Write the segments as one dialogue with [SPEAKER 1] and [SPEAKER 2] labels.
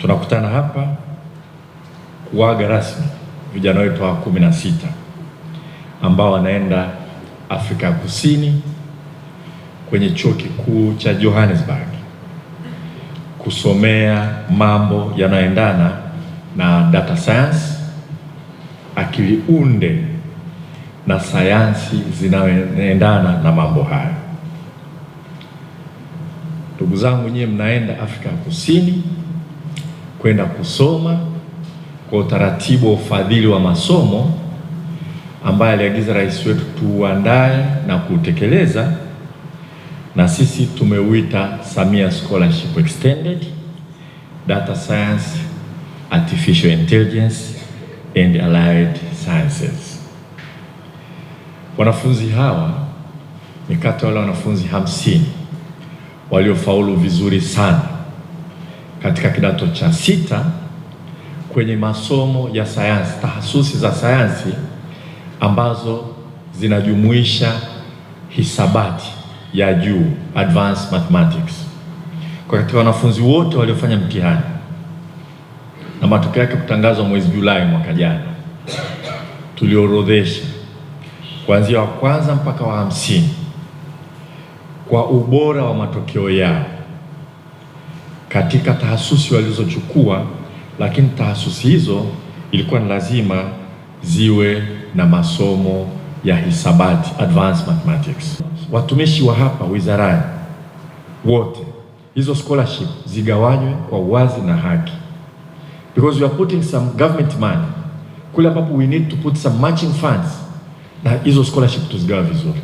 [SPEAKER 1] tunakutana hapa kuaga rasmi vijana wetu wa kumi na sita ambao wanaenda Afrika ya Kusini kwenye chuo kikuu cha Johannesburg kusomea mambo yanayoendana na data science, akili unde na sayansi zinazoendana na mambo hayo. Ndugu zangu, nyie mnaenda Afrika ya Kusini kwenda kusoma kwa utaratibu wa ufadhili wa masomo ambaye aliagiza rais wetu tuuandae na kuutekeleza, na sisi tumeuita Samia Scholarship Extended Data Science, Artificial Intelligence and Allied Sciences. Wanafunzi hawa ni kati ya wale wanafunzi hamsini waliofaulu vizuri sana katika kidato cha sita kwenye masomo ya sayansi, tahasusi za sayansi ambazo zinajumuisha hisabati ya juu advanced mathematics, kwa katika wanafunzi wote waliofanya mtihani na matokeo yake kutangazwa mwezi Julai mwaka jana, tuliorodhesha kuanzia wa kwanza mpaka wa hamsini kwa ubora wa matokeo yao katika tahasusi walizochukua, lakini tahasusi hizo ilikuwa ni lazima ziwe na masomo ya hisabati advanced mathematics. Watumishi wa hapa wizarani wote, hizo scholarship zigawanywe kwa uwazi na haki, because we are putting some government money kule ambapo we need to put some matching funds, na hizo scholarship tuzigawa vizuri.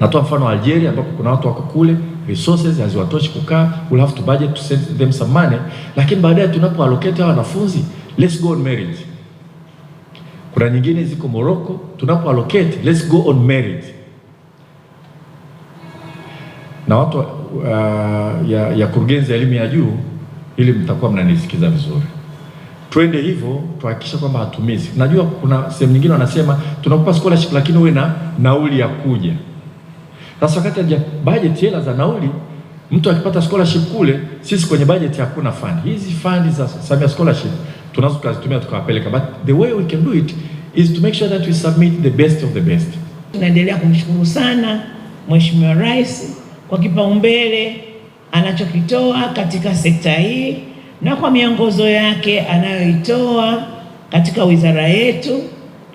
[SPEAKER 1] Natoa mfano Algeria ambapo kuna watu wako kule resources haziwatoshi kukaa, we'll have to budget to send them some money, lakini baadaye tunapo allocate hawa wanafunzi let's go on merit. Kuna nyingine ziko Morocco, tunapo allocate let's go on merit na watu uh, ya, ya kurugenzi ya elimu ya juu, ili mtakuwa mnanisikiza vizuri, twende hivyo tuhakikisha kwamba hatumizi. Najua kuna sehemu nyingine wanasema tunakupa scholarship lakini uwe na nauli ya kuja sasa wakati ya bajeti hela za nauli, mtu akipata scholarship kule, sisi kwenye bajeti hakuna fund. Hizi fund za Samia scholarship tunazo kuzitumia tukawapeleka, but the way we can do it is to make sure that we submit the best of the best.
[SPEAKER 2] Tunaendelea kumshukuru sana Mheshimiwa Rais kwa kipaumbele anachokitoa katika sekta hii na kwa miongozo yake anayoitoa katika wizara yetu,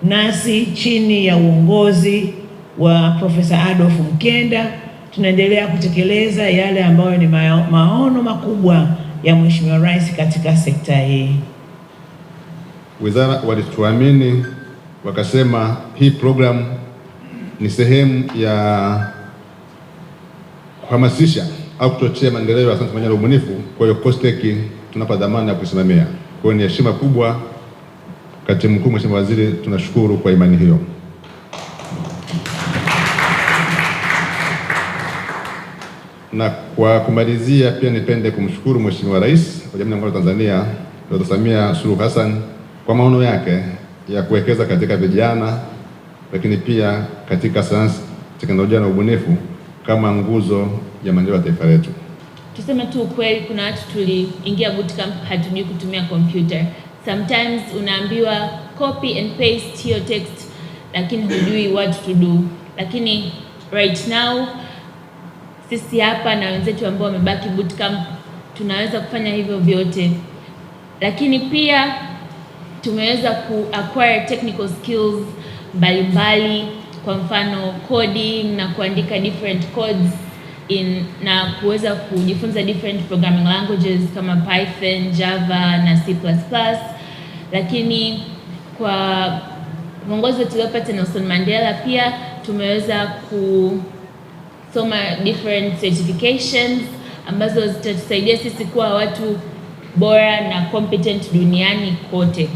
[SPEAKER 2] nasi chini ya uongozi wa Profesa Adolf Mkenda. Tunaendelea kutekeleza yale ambayo ni maono makubwa ya Mheshimiwa Rais katika sekta hii.
[SPEAKER 3] Wizara walituamini wakasema hii programu ni sehemu ya kuhamasisha au kuchochea maendeleo ya sayansi na ubunifu. Kwa hiyo COSTECH tunapa dhamana ya kusimamia. Kwa hiyo ni heshima kubwa, katibu mkuu, mheshimiwa waziri, tunashukuru kwa imani hiyo. Na kwa kumalizia, pia nipende kumshukuru Mheshimiwa Rais wa Jamhuri ya Muungano wa Tanzania Dr. Samia Suluhu Hassan kwa maono yake ya kuwekeza katika vijana, lakini pia katika sayansi, teknolojia na ubunifu kama nguzo ya maendeleo ya taifa letu.
[SPEAKER 4] Tuseme tu ukweli, kuna watu tuliingia bootcamp hatujui kutumia kompyuta. Sometimes unaambiwa copy and paste hiyo text, lakini hujui what to do, lakini right now sisi hapa na wenzetu ambao wamebaki bootcamp tunaweza kufanya hivyo vyote, lakini pia tumeweza ku acquire technical skills mbalimbali, kwa mfano coding na kuandika different codes in na kuweza kujifunza different programming languages kama Python, Java na C++. Lakini kwa uongozi tuliopata Nelson Mandela pia tumeweza ku kusoma different certifications ambazo zitatusaidia sisi kuwa watu bora na competent duniani kote.